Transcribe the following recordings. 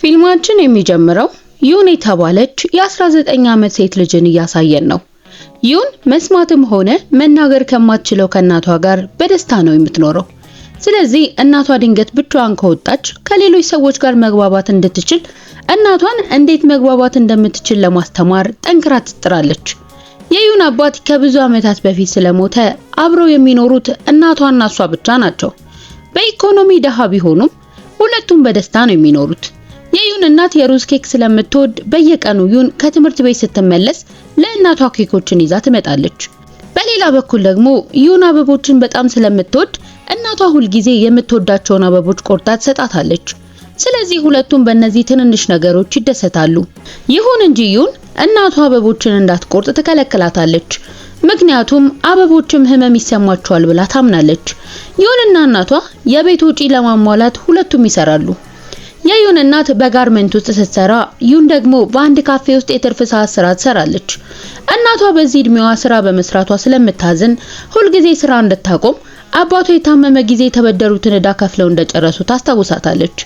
ፊልማችን የሚጀምረው ዩን የተባለች የ19 ዓመት ሴት ልጅን እያሳየን ነው። ዩን መስማትም ሆነ መናገር ከማትችለው ከእናቷ ጋር በደስታ ነው የምትኖረው። ስለዚህ እናቷ ድንገት ብቻዋን ከወጣች ከሌሎች ሰዎች ጋር መግባባት እንድትችል እናቷን እንዴት መግባባት እንደምትችል ለማስተማር ጠንክራ ትጥራለች። የዩን አባት ከብዙ ዓመታት በፊት ስለሞተ አብረው የሚኖሩት እናቷና እሷ ብቻ ናቸው። በኢኮኖሚ ደሃ ቢሆኑም ሁለቱም በደስታ ነው የሚኖሩት። የዩን እናት የሩዝ ኬክ ስለምትወድ በየቀኑ ዩን ከትምህርት ቤት ስትመለስ ለእናቷ ኬኮችን ይዛ ትመጣለች። በሌላ በኩል ደግሞ ዩን አበቦችን በጣም ስለምትወድ እናቷ ሁልጊዜ የምትወዳቸውን አበቦች ቆርጣ ትሰጣታለች። ስለዚህ ሁለቱም በእነዚህ ትንንሽ ነገሮች ይደሰታሉ። ይሁን እንጂ ዩን እናቷ አበቦችን እንዳትቆርጥ ትከለክላታለች። ምክንያቱም አበቦችም ህመም ይሰማቸዋል ብላ ታምናለች። ይሁንና እናቷ የቤት ውጪ ለማሟላት ሁለቱም ይሰራሉ። የዩን እናት በጋርመንት ውስጥ ስትሰራ ዩን ደግሞ በአንድ ካፌ ውስጥ የትርፍ ሰዓት ስራ ትሰራለች። እናቷ በዚህ እድሜዋ ስራ በመስራቷ ስለምታዝን ሁልጊዜ ስራ እንድታቆም አባቷ የታመመ ጊዜ የተበደሩትን እዳ ከፍለው እንደጨረሱ ታስታውሳታለች።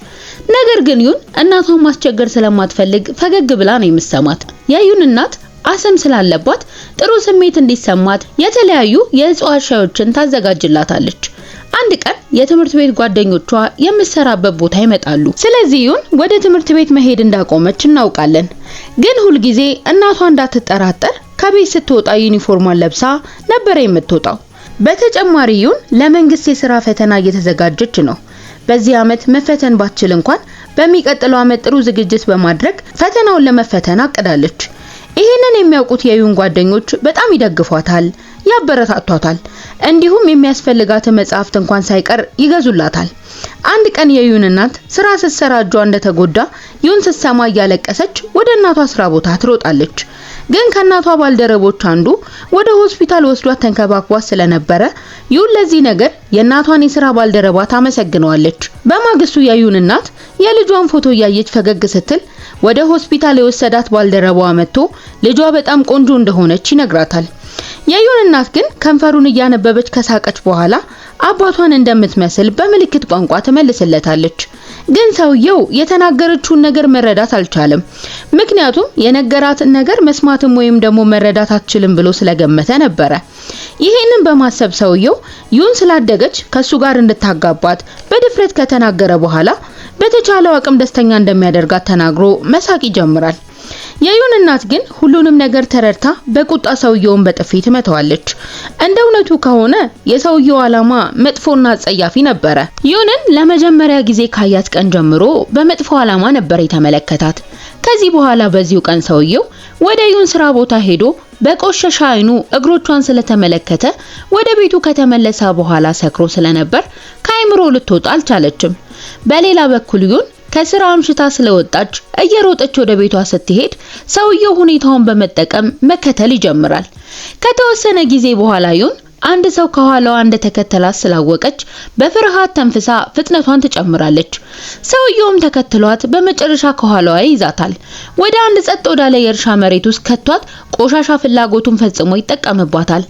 ነገር ግን ዩን እናቷን ማስቸገር ስለማትፈልግ ፈገግ ብላ ነው የምሰማት። የዩን እናት አስም ስላለባት ጥሩ ስሜት እንዲሰማት የተለያዩ የእጽዋት ሻዮችን ታዘጋጅላታለች። አንድ ቀን የትምህርት ቤት ጓደኞቿ የምትሰራበት ቦታ ይመጣሉ። ስለዚህም ወደ ትምህርት ቤት መሄድ እንዳቆመች እናውቃለን። ግን ሁልጊዜ እናቷ እንዳትጠራጠር ከቤት ስትወጣ ዩኒፎርሟን ለብሳ ነበር የምትወጣው። በተጨማሪ ይሁን ለመንግስት የስራ ፈተና እየተዘጋጀች ነው። በዚህ አመት መፈተን ባትችል እንኳን በሚቀጥለው አመት ጥሩ ዝግጅት በማድረግ ፈተናውን ለመፈተን አቅዳለች። ይህንን የሚያውቁት የዩን ጓደኞች በጣም ይደግፏታል፣ ያበረታቷታል። እንዲሁም የሚያስፈልጋትን መጽሐፍት እንኳን ሳይቀር ይገዙላታል። አንድ ቀን የዩን እናት ስራ ስትሰራ እጇ እንደተጎዳ ዩን ስትሰማ እያለቀሰች ወደ እናቷ ስራ ቦታ ትሮጣለች። ግን ከእናቷ ባልደረቦች አንዱ ወደ ሆስፒታል ወስዷት ተንከባክቧት ስለነበረ ይሁን ለዚህ ነገር የእናቷን የስራ ባልደረባ ታመሰግነዋለች። በማግስቱ ያዩን እናት የልጇን ፎቶ እያየች ፈገግ ስትል ወደ ሆስፒታል የወሰዳት ባልደረባ መጥቶ ልጇ በጣም ቆንጆ እንደሆነች ይነግራታል። የዩን እናት ግን ከንፈሩን እያነበበች ከሳቀች በኋላ አባቷን እንደምትመስል በምልክት ቋንቋ ትመልስለታለች። ግን ሰውየው የተናገረችውን ነገር መረዳት አልቻለም። ምክንያቱም የነገራትን ነገር መስማትም ወይም ደግሞ መረዳት አትችልም ብሎ ስለገመተ ነበረ። ይህንን በማሰብ ሰውየው ዩን ስላደገች ከሱ ጋር እንድታጋባት በድፍረት ከተናገረ በኋላ በተቻለው አቅም ደስተኛ እንደሚያደርጋት ተናግሮ መሳቅ ይጀምራል። የዩን እናት ግን ሁሉንም ነገር ተረድታ በቁጣ ሰውየውን በጥፊ ትመታዋለች። እንደ እውነቱ ከሆነ የሰውየው ዓላማ መጥፎና አጸያፊ ነበረ። ዩንን ለመጀመሪያ ጊዜ ካያት ቀን ጀምሮ በመጥፎ ዓላማ ነበር የተመለከታት። ከዚህ በኋላ በዚሁ ቀን ሰውየው ወደ ዩን ስራ ቦታ ሄዶ በቆሸሻ አይኑ እግሮቿን ስለተመለከተ ወደ ቤቱ ከተመለሰ በኋላ ሰክሮ ስለነበር ከአይምሮ ልትወጣ አልቻለችም። በሌላ በኩል ዩን ከስራ አምሽታ ስለወጣች እየሮጠች ወደ ቤቷ ስትሄድ ሰውየው ሁኔታውን በመጠቀም መከተል ይጀምራል። ከተወሰነ ጊዜ በኋላ ይሁን አንድ ሰው ከኋላዋ እንደተከተላት ስላወቀች በፍርሃት ተንፍሳ ፍጥነቷን ትጨምራለች። ሰውየውም ተከትሏት በመጨረሻ ከኋላዋ ይዛታል። ወደ አንድ ጸጥ ወዳለ የእርሻ መሬት ውስጥ ከቷት ቆሻሻ ፍላጎቱን ፈጽሞ ይጠቀምባታል።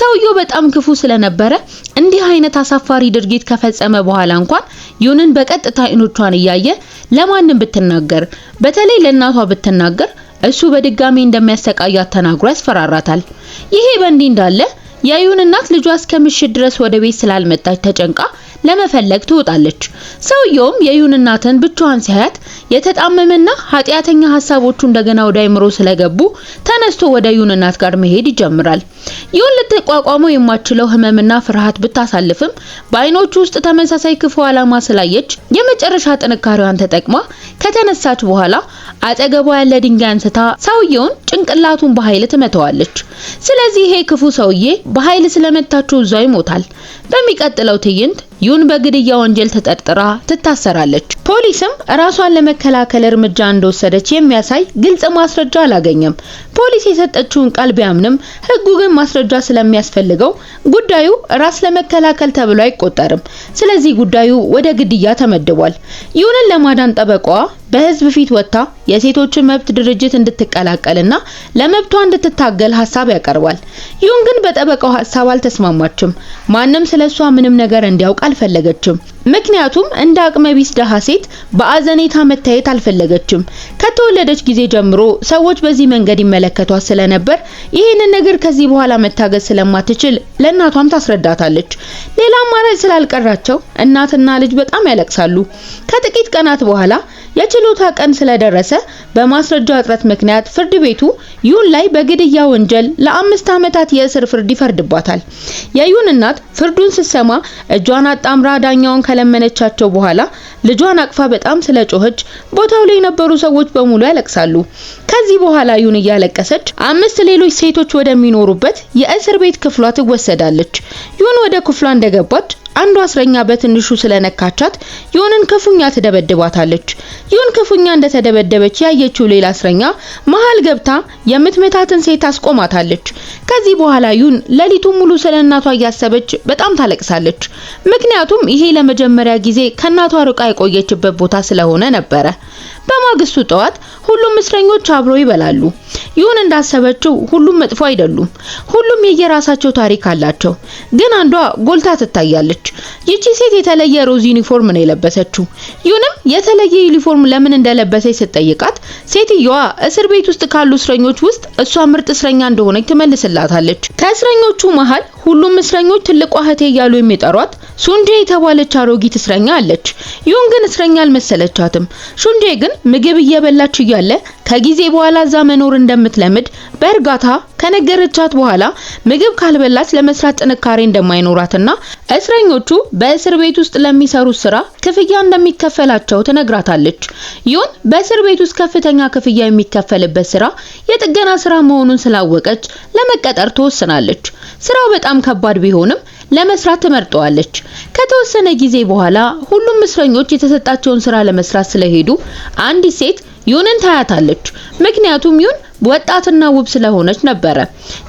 ሰውየው በጣም ክፉ ስለነበረ እንዲህ አይነት አሳፋሪ ድርጊት ከፈጸመ በኋላ እንኳን ዩንን በቀጥታ አይኖቿን እያየ ለማንም ብትናገር በተለይ ለእናቷ ብትናገር እሱ በድጋሚ እንደሚያሰቃያት ተናግሮ ያስፈራራታል። ይሄ በእንዲህ እንዳለ የዩን እናት ልጇ እስከ ምሽት ድረስ ወደ ቤት ስላልመጣች ተጨንቃ ለመፈለግ ትወጣለች። ሰውየውም የዩን እናትን ብቻዋን ሲያያት የተጣመመና ኃጢአተኛ ሀሳቦቹ እንደገና ወደ አይምሮ ስለገቡ ተነስቶ ወደ ዩን እናት ጋር መሄድ ይጀምራል። ይሁን ልትቋቋመው የማትችለው ህመምና ፍርሃት ብታሳልፍም በአይኖቹ ውስጥ ተመሳሳይ ክፉ ዓላማ ስላየች የመጨረሻ ጥንካሬዋን ተጠቅማ ከተነሳች በኋላ አጠገቧ ያለ ድንጋይ አንስታ ሰውየውን ጭንቅላቱን በኃይል ትመተዋለች። ስለዚህ ይሄ ክፉ ሰውዬ በኃይል ስለመታችው እዛው ይሞታል። በሚቀጥለው ትዕይንት ይሁን በግድያ ወንጀል ተጠርጥራ ትታሰራለች። ፖሊስም ራሷን ለመከላከል እርምጃ እንደወሰደች የሚያሳይ ግልጽ ማስረጃ አላገኘም። ፖሊስ የሰጠችውን ቃል ቢያምንም ህጉ ግን ማስረጃ ስለሚያስፈልገው ጉዳዩ ራስ ለመከላከል ተብሎ አይቆጠርም። ስለዚህ ጉዳዩ ወደ ግድያ ተመድቧል። ይሁንን ለማዳን ጠበቋ በህዝብ ፊት ወጥታ የሴቶችን መብት ድርጅት እንድትቀላቀልና ለመብቷ እንድትታገል ሀሳብ ያቀርባል። ይሁን ግን በጠበቃው ሀሳብ አልተስማማችም። ማንም ስለሷ ምንም ነገር እንዲያውቅ አልፈለገችም። ምክንያቱም እንደ አቅመቢስ ደሃ ሴት በአዘኔታ መታየት አልፈለገችም። ከተወለደች ጊዜ ጀምሮ ሰዎች በዚህ መንገድ ይመለከቷት ስለነበር ይህንን ነገር ከዚህ በኋላ መታገዝ ስለማትችል ለእናቷም ታስረዳታለች። ሌላ አማራጭ ስላልቀራቸው እናትና ልጅ በጣም ያለቅሳሉ። ከጥቂት ቀናት በኋላ የችሎታ ቀን ስለደረሰ በማስረጃ እጥረት ምክንያት ፍርድ ቤቱ ዩን ላይ በግድያ ወንጀል ለአምስት ዓመታት የእስር ፍርድ ይፈርድባታል። የዩን እናት ፍርዱን ስትሰማ እጇን አጣምራ ዳኛውን ከለመነቻቸው በኋላ ልጇን አቅፋ በጣም ስለጮኸች ቦታው ላይ የነበሩ ሰዎች በሙሉ ያለቅሳሉ። ከዚህ በኋላ ዩን እያለቀሰች አምስት ሌሎች ሴቶች ወደሚኖሩበት የእስር ቤት ክፍሏ ትወሰዳለች። ዩን ወደ ክፍሏ እንደገባች አንዱ አስረኛ በትንሹ ስለነካቻት ዩንን ክፉኛ ትደበድባታለች። ዩን ክፉኛ እንደተደበደበች ያየችው ሌላ አስረኛ መሀል ገብታ የምትመታትን ሴት አስቆማታለች። ከዚህ በኋላ ዩን ሌሊቱን ሙሉ ስለ እናቷ እያሰበች በጣም ታለቅሳለች። ምክንያቱም ይሄ ለመጀመሪያ ጊዜ ከእናቷ ርቃ የቆየችበት ቦታ ስለሆነ ነበረ። በማግስቱ ጠዋት ሁሉም እስረኞች አብሮ ይበላሉ። ይሁን እንዳሰበችው ሁሉም መጥፎ አይደሉም። ሁሉም የየራሳቸው ታሪክ አላቸው። ግን አንዷ ጎልታ ትታያለች። ይቺ ሴት የተለየ ሮዝ ዩኒፎርም ነው የለበሰችው። ይሁንም የተለየ ዩኒፎርም ለምን እንደለበሰች ስትጠይቃት ሴትየዋ እስር ቤት ውስጥ ካሉ እስረኞች ውስጥ እሷ ምርጥ እስረኛ እንደሆነች ትመልስላል ትጽፍላታለች። ከእስረኞቹ መሀል ሁሉም እስረኞች ትልቋ እህቴ እያሉ የሚጠሯት ሱንጄ የተባለች አሮጊት እስረኛ አለች። ይሁን ግን እስረኛ አልመሰለቻትም። ሱንጄ ግን ምግብ እየበላች እያለ ከጊዜ በኋላ እዛ መኖር እንደምትለምድ በእርጋታ ከነገረቻት በኋላ ምግብ ካልበላች ለመስራት ጥንካሬ እንደማይኖራትና እስረኞቹ በእስር ቤት ውስጥ ለሚሰሩት ስራ ክፍያ እንደሚከፈላቸው ትነግራታለች። ይሁን በእስር ቤት ውስጥ ከፍተኛ ክፍያ የሚከፈልበት ስራ የጥገና ስራ መሆኑን ስላወቀች ለመቀ ለመቀጠር ትወስናለች። ስራው በጣም ከባድ ቢሆንም ለመስራት ትመርጠዋለች። ከተወሰነ ጊዜ በኋላ ሁሉም እስረኞች የተሰጣቸውን ስራ ለመስራት ስለሄዱ አንዲት ሴት ዩንን ታያታለች። ምክንያቱም ዩን ወጣትና ውብ ስለሆነች ነበረ።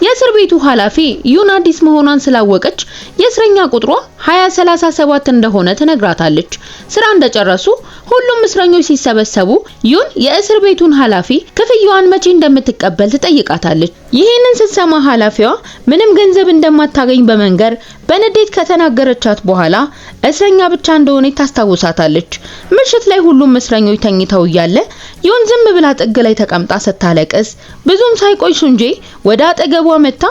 የእስር ቤቱ ኃላፊ ዩን አዲስ መሆኗን ስላወቀች የእስረኛ ቁጥሯ 237 እንደሆነ ትነግራታለች። ስራ እንደጨረሱ ሁሉም እስረኞች ሲሰበሰቡ ዩን የእስር ቤቱን ኃላፊ ክፍያዋን መቼ እንደምትቀበል ትጠይቃታለች። ይህንን ስትሰማ ኃላፊዋ ምንም ገንዘብ እንደማታገኝ በመንገር በንዴት ከተናገረቻት በኋላ እስረኛ ብቻ እንደሆነ ታስታውሳታለች። ምሽት ላይ ሁሉም እስረኞች ተኝተው እያለ ዩን ዝም ብላ ጥግ ላይ ተቀምጣ ስታለቅስ ብዙም ሳይቆይ ሱንጄ ወደ አጠገቧ መጥታ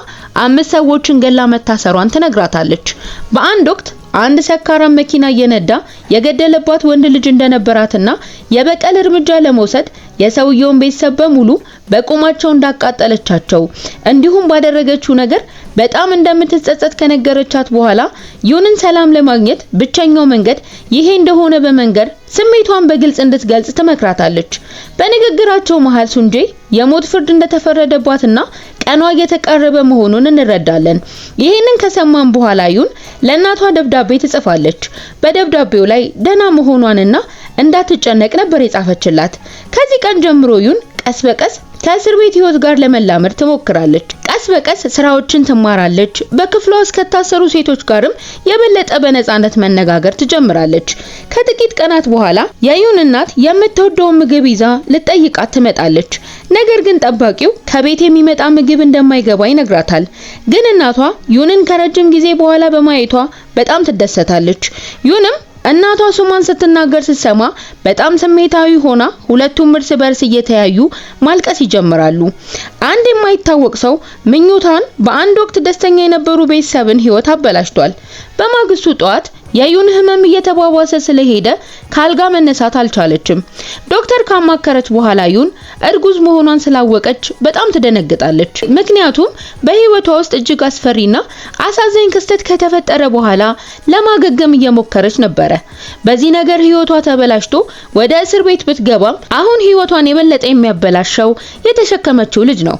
አምስት ሰዎችን ገላ መታሰሯን ትነግራታለች። በአንድ ወቅት አንድ ሰካራም መኪና እየነዳ የገደለባት ወንድ ልጅ እንደነበራትና የበቀል እርምጃ ለመውሰድ የሰውየውን ቤተሰብ በሙሉ በቁማቸው እንዳቃጠለቻቸው እንዲሁም ባደረገችው ነገር በጣም እንደምትጸጸት ከነገረቻት በኋላ ይሁንን ሰላም ለማግኘት ብቸኛው መንገድ ይሄ እንደሆነ በመንገድ ስሜቷን በግልጽ እንድትገልጽ ትመክራታለች። በንግግራቸው መሃል ሱንጄ የሞት ፍርድ እንደተፈረደባትና ቀኗ እየተቃረበ መሆኑን እንረዳለን። ይህንን ከሰማን በኋላ ዩን ለእናቷ ደብዳቤ ትጽፋለች። በደብዳቤው ላይ ደህና መሆኗንና እንዳትጨነቅ ነበር የጻፈችላት። ከዚህ ቀን ጀምሮ ዩን ቀስ በቀስ ከእስር ቤት ህይወት ጋር ለመላመድ ትሞክራለች። ቀስ በቀስ ስራዎችን ትማራለች። በክፍሏ ውስጥ ከታሰሩ ሴቶች ጋርም የበለጠ በነጻነት መነጋገር ትጀምራለች። ከጥቂት ቀናት በኋላ ያዩን እናት የምትወደውን ምግብ ይዛ ልጠይቃት ትመጣለች። ነገር ግን ጠባቂው ከቤት የሚመጣ ምግብ እንደማይገባ ይነግራታል። ግን እናቷ ዩንን ከረጅም ጊዜ በኋላ በማየቷ በጣም ትደሰታለች። ዩንም እናቷ ሱማን ስትናገር ስትሰማ በጣም ስሜታዊ ሆና ሁለቱም እርስ በርስ እየተያዩ ማልቀስ ይጀምራሉ። አንድ የማይታወቅ ሰው ምኞታን በአንድ ወቅት ደስተኛ የነበሩ ቤተሰብን ሕይወት አበላሽቷል። በማግስቱ ጠዋት የዩን ህመም እየተባባሰ ስለሄደ ካልጋ መነሳት አልቻለችም። ዶክተር ካማከረች በኋላ ዩን እርጉዝ መሆኗን ስላወቀች በጣም ትደነግጣለች። ምክንያቱም በህይወቷ ውስጥ እጅግ አስፈሪና አሳዛኝ ክስተት ከተፈጠረ በኋላ ለማገገም እየሞከረች ነበረ። በዚህ ነገር ህይወቷ ተበላሽቶ ወደ እስር ቤት ብትገባም አሁን ህይወቷን የበለጠ የሚያበላሸው የተሸከመችው ልጅ ነው።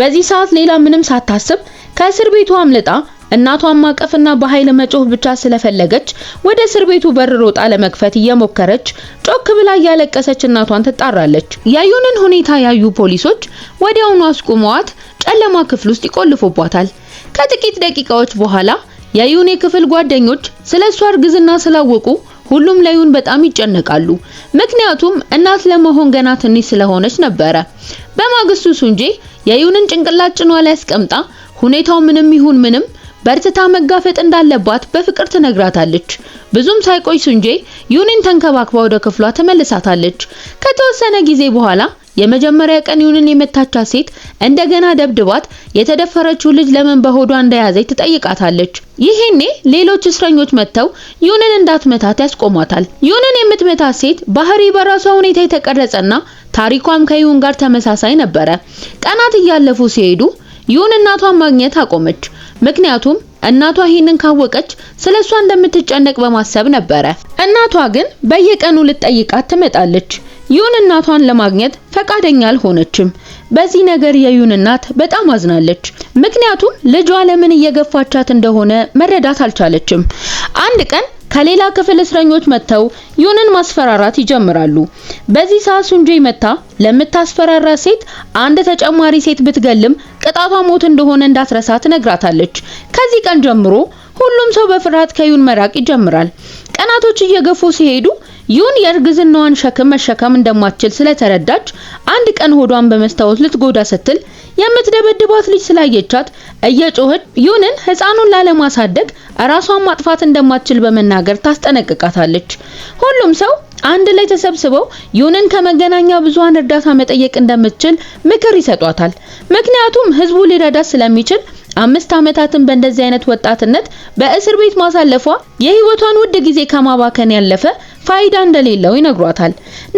በዚህ ሰዓት ሌላ ምንም ሳታስብ ከእስር ቤቷ አምልጣ እናቷን ማቀፍና በኃይል መጮህ ብቻ ስለፈለገች ወደ እስር ቤቱ በር ሮጣ ለመክፈት እየሞከረች ጮክ ብላ እያለቀሰች እናቷን ትጣራለች። ያዩንን ሁኔታ ያዩ ፖሊሶች ወዲያውኑ አስቁመዋት ጨለማ ክፍል ውስጥ ይቆልፉባታል። ከጥቂት ደቂቃዎች በኋላ ያዩን የክፍል ጓደኞች ስለ እሷ እርግዝና ስላወቁ ሁሉም ላዩን በጣም ይጨነቃሉ። ምክንያቱም እናት ለመሆን ገና ትንሽ ስለሆነች ነበረ። በማግስቱ ሱንጄ ያዩንን ጭንቅላት ጭኗ ላይ አስቀምጣ ሁኔታው ምንም ይሁን ምንም በርትታ መጋፈጥ እንዳለባት በፍቅር ትነግራታለች። ብዙም ሳይቆይ ሱንጄ ዩኒን ተንከባክባ ወደ ክፍሏ ትመልሳታለች። ከተወሰነ ጊዜ በኋላ የመጀመሪያ ቀን ዩኒን የመታቻት ሴት እንደገና ደብድባት የተደፈረችው ልጅ ለምን በሆዷ እንደያዘች ትጠይቃታለች። ይሄኔ ሌሎች እስረኞች መጥተው ዩንን እንዳትመታት ያስቆሟታል። ዩንን የምትመታት ሴት ባህሪ በራሷ ሁኔታ የተቀረጸና ታሪኳም ከዩን ጋር ተመሳሳይ ነበረ። ቀናት እያለፉ ሲሄዱ ዩን እናቷን ማግኘት አቆመች። ምክንያቱም እናቷ ይህንን ካወቀች ስለ እሷ እንደምትጨነቅ በማሰብ ነበረ። እናቷ ግን በየቀኑ ልትጠይቃት ትመጣለች። ይሁን እናቷን ለማግኘት ፈቃደኛ አልሆነችም። በዚህ ነገር የዩን እናት በጣም አዝናለች። ምክንያቱም ልጇ ለምን እየገፋቻት እንደሆነ መረዳት አልቻለችም። አንድ ቀን ከሌላ ክፍል እስረኞች መጥተው ዩንን ማስፈራራት ይጀምራሉ። በዚህ ሰዓት ሱንጄ መታ ለምታስፈራራ ሴት አንድ ተጨማሪ ሴት ብትገልም ቅጣቷ ሞት እንደሆነ እንዳትረሳ ትነግራታለች። ከዚህ ቀን ጀምሮ ሁሉም ሰው በፍርሃት ከዩን መራቅ ይጀምራል። ቀናቶች እየገፉ ሲሄዱ ዩን የእርግዝናዋን ሸክም መሸከም እንደማትችል ስለተረዳች አንድ ቀን ሆዷን በመስታወት ልትጎዳ ስትል የምትደበድባት ልጅ ስላየቻት እየጮኸች ዩንን ህፃኑን ላለማሳደግ ራሷን ማጥፋት እንደማትችል በመናገር ታስጠነቅቃታለች። ሁሉም ሰው አንድ ላይ ተሰብስበው ዩንን ከመገናኛ ብዙሃን እርዳታ መጠየቅ እንደምትችል ምክር ይሰጧታል። ምክንያቱም ህዝቡ ሊረዳት ስለሚችል አምስት ዓመታትን በእንደዚህ አይነት ወጣትነት በእስር ቤት ማሳለፏ የህይወቷን ውድ ጊዜ ከማባከን ያለፈ ፋይዳ እንደሌለው ይነግሯታል።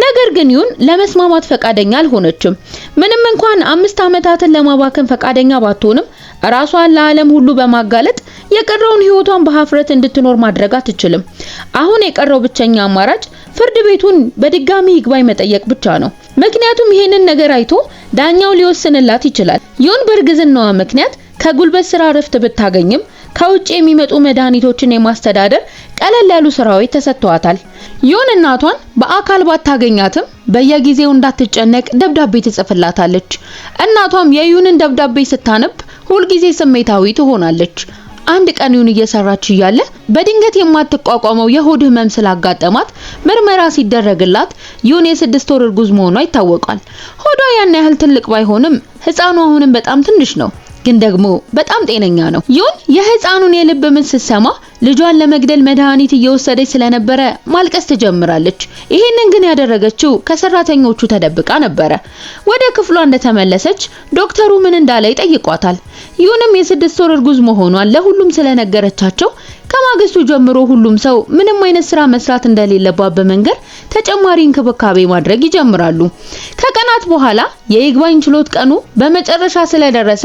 ነገር ግን ይሁን ለመስማማት ፈቃደኛ አልሆነችም። ምንም እንኳን አምስት ዓመታትን ለማባከን ፈቃደኛ ባትሆንም ራሷን ለዓለም ሁሉ በማጋለጥ የቀረውን ህይወቷን በሀፍረት እንድትኖር ማድረግ አትችልም። አሁን የቀረው ብቸኛ አማራጭ ፍርድ ቤቱን በድጋሚ ይግባኝ መጠየቅ ብቻ ነው። ምክንያቱም ይህንን ነገር አይቶ ዳኛው ሊወስንላት ይችላል። ይሁን በእርግዝናዋ ምክንያት ከጉልበት ስራ እረፍት ብታገኝም ከውጭ የሚመጡ መድኃኒቶችን የማስተዳደር ቀለል ያሉ ስራዎች ተሰጥተዋታል። ይሁን እናቷን በአካል ባታገኛትም በየጊዜው እንዳትጨነቅ ደብዳቤ ትጽፍላታለች። እናቷም የዩንን ደብዳቤ ስታነብ ሁልጊዜ ስሜታዊ ትሆናለች። አንድ ቀን ዩን እየሰራች እያለ በድንገት የማትቋቋመው የሆድ ህመም ስላጋጠማት ምርመራ ሲደረግላት ዩን የስድስት ወር እርጉዝ መሆኗ ይታወቃል። ሆዷ ያን ያህል ትልቅ ባይሆንም ህፃኑ አሁንም በጣም ትንሽ ነው። ግን ደግሞ በጣም ጤነኛ ነው። ዩን የህፃኑን የልብ ምት ስትሰማ ልጇን ለመግደል መድኃኒት እየወሰደች ስለነበረ ማልቀስ ትጀምራለች። ይህንን ግን ያደረገችው ከሰራተኞቹ ተደብቃ ነበረ። ወደ ክፍሏ እንደተመለሰች ዶክተሩ ምን እንዳለ ይጠይቋታል። ዩንም የስድስት ወር እርጉዝ መሆኗን ለሁሉም ስለነገረቻቸው ከማግስቱ ጀምሮ ሁሉም ሰው ምንም አይነት ስራ መስራት እንደሌለባት በመንገር ተጨማሪ እንክብካቤ ማድረግ ይጀምራሉ። ከቀናት በኋላ የይግባኝ ችሎት ቀኑ በመጨረሻ ስለደረሰ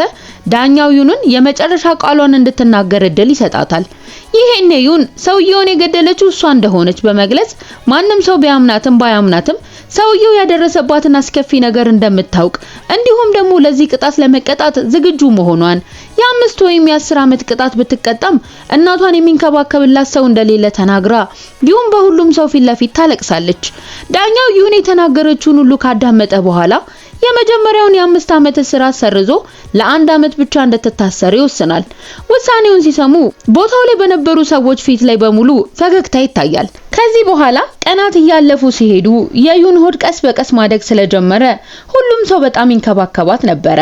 ዳኛው ዩኑን የመጨረሻ ቃሏን እንድትናገር እድል ይሰጣታል። ይሄኔ ዩን ሰውየውን የገደለችው እሷ እንደሆነች በመግለጽ ማንም ሰው ቢያምናትም ባያምናትም ሰውየው ያደረሰባትን አስከፊ ነገር እንደምታውቅ እንዲሁም ደግሞ ለዚህ ቅጣት ለመቀጣት ዝግጁ መሆኗን የአምስት ወይም የአስር ዓመት ቅጣት ብትቀጣም እናቷን የሚንከባከብላት ሰው እንደሌለ ተናግራ ይሁን በሁሉም ሰው ፊት ለፊት ታለቅሳለች። ዳኛው ይሁን የተናገረችውን ሁሉ ካዳመጠ በኋላ የመጀመሪያውን የአምስት ዓመት እስራት ሰርዞ ለአንድ ዓመት ብቻ እንደተታሰረ ይወስናል። ውሳኔውን ሲሰሙ ቦታው ላይ በነበሩ ሰዎች ፊት ላይ በሙሉ ፈገግታ ይታያል። ከዚህ በኋላ ቀናት እያለፉ ሲሄዱ የዩን ሆድ ቀስ በቀስ ማደግ ስለጀመረ ሁሉም ሰው በጣም ይንከባከባት ነበረ።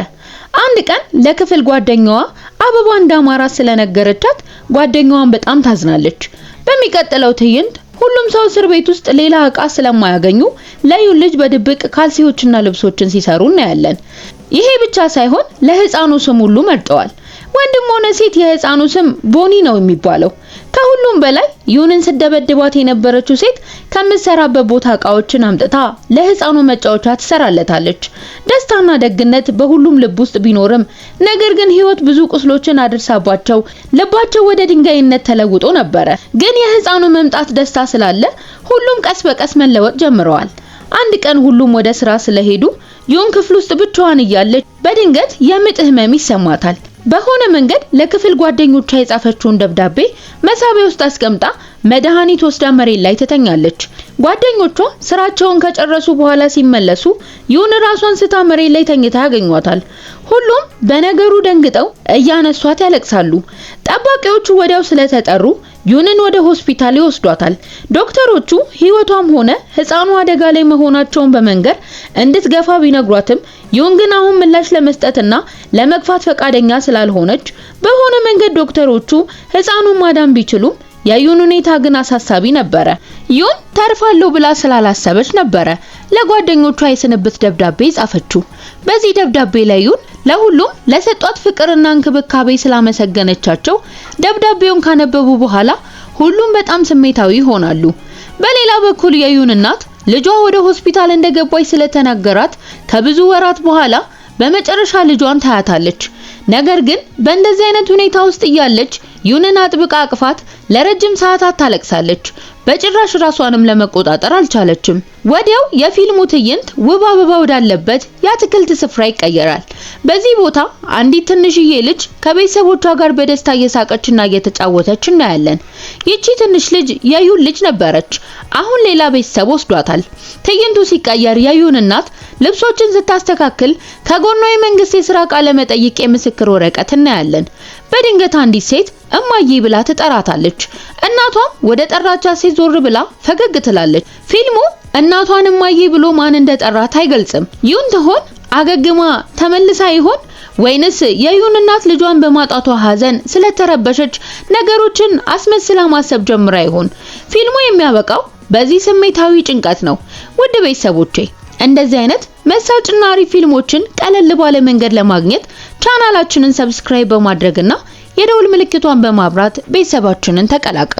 አንድ ቀን ለክፍል ጓደኛዋ አበባ እንዳማራ ስለነገረቻት ጓደኛዋን በጣም ታዝናለች። በሚቀጥለው ትዕይንት ሁሉም ሰው እስር ቤት ውስጥ ሌላ እቃ ስለማያገኙ ለዩን ልጅ በድብቅ ካልሲዎችና ልብሶችን ሲሰሩ እናያለን። ይሄ ብቻ ሳይሆን ለህፃኑ ስም ሁሉ መርጠዋል። ወንድም ሆነ ሴት የህፃኑ ስም ቦኒ ነው የሚባለው። ከሁሉም በላይ ዩንን ስደበድባት የነበረችው ሴት ከምትሰራበት ቦታ እቃዎችን አምጥታ ለህፃኑ መጫወቻ ትሰራለታለች። ደስታና ደግነት በሁሉም ልብ ውስጥ ቢኖርም ነገር ግን ህይወት ብዙ ቁስሎችን አድርሳባቸው ልባቸው ወደ ድንጋይነት ተለውጦ ነበረ። ግን የህፃኑ መምጣት ደስታ ስላለ ሁሉም ቀስ በቀስ መለወጥ ጀምረዋል። አንድ ቀን ሁሉም ወደ ስራ ስለሄዱ ዮን ክፍል ውስጥ ብቻዋን እያለች በድንገት የምጥ ህመም ይሰማታል። በሆነ መንገድ ለክፍል ጓደኞቿ የጻፈችውን ደብዳቤ መሳቢያ ውስጥ አስቀምጣ መድኃኒት ወስዳ መሬት ላይ ትተኛለች። ጓደኞቿ ስራቸውን ከጨረሱ በኋላ ሲመለሱ ይሁን ራሷን ስታ መሬት ላይ ተኝታ ያገኟታል። ሁሉም በነገሩ ደንግጠው እያነሷት ያለቅሳሉ። ጠባቂዎቹ ወዲያው ስለተጠሩ ጁንን ወደ ሆስፒታል ይወስዷታል። ዶክተሮቹ ህይወቷም ሆነ ህፃኑ አደጋ ላይ መሆናቸውን በመንገር እንድትገፋ ቢነግሯትም ዩን ግን አሁን ምላሽ ለመስጠትና ለመግፋት ፈቃደኛ ስላልሆነች በሆነ መንገድ ዶክተሮቹ ህፃኑን ማዳን ቢችሉም የዩን ሁኔታ ግን አሳሳቢ ነበረ። ዩን ተርፋለሁ ብላ ስላላሰበች ነበረ ለጓደኞቿ የስንብት ደብዳቤ ጻፈችው። በዚህ ደብዳቤ ላይ ለሁሉም ለሰጧት ፍቅርና እንክብካቤ ስላመሰገነቻቸው ደብዳቤውን ካነበቡ በኋላ ሁሉም በጣም ስሜታዊ ይሆናሉ። በሌላ በኩል የዩን እናት ልጇ ወደ ሆስፒታል እንደገባች ስለተናገራት ከብዙ ወራት በኋላ በመጨረሻ ልጇን ታያታለች። ነገር ግን በእንደዚህ አይነት ሁኔታ ውስጥ እያለች ዩንን አጥብቃ አቅፋት ለረጅም ሰዓታት ታለቅሳለች። በጭራሽ ራሷንም ለመቆጣጠር አልቻለችም። ወዲያው የፊልሙ ትዕይንት ውብ አበባ ወዳለበት የአትክልት ስፍራ ይቀየራል። በዚህ ቦታ አንዲት ትንሽዬ ልጅ ከቤተሰቦቿ ጋር በደስታ እየሳቀችና እየተጫወተች እናያለን። ይቺ ትንሽ ልጅ የዩን ልጅ ነበረች። አሁን ሌላ ቤተሰብ ወስዷታል። ትዕይንቱ ሲቀየር የዩን እናት ልብሶችን ስታስተካክል ከጎኗ የመንግስት የስራ ቃለ መጠይቅ የምስክር ወረቀት እናያለን። በድንገት አንዲት ሴት እማዬ ብላ ትጠራታለች። እናቷም ወደ ጠራቻት ሴት ዞር ብላ ፈገግ ትላለች። ፊልሙ እናቷን እማዬ ብሎ ማን እንደጠራት አይገልጽም። ይሁን ትሆን አገግማ ተመልሳ ይሆን ወይንስ የዩን እናት ልጇን በማጣቷ ሀዘን ስለተረበሸች ነገሮችን አስመስላ ማሰብ ጀምራ ይሆን? ፊልሙ የሚያበቃው በዚህ ስሜታዊ ጭንቀት ነው። ውድ ቤተሰቦቼ እንደዚህ አይነት መሳጭና አሪፍ ፊልሞችን ቀለል ባለ መንገድ ለማግኘት ቻናላችንን ሰብስክራይብ በማድረግና የደውል ምልክቷን በማብራት ቤተሰባችንን ተቀላቀሉ።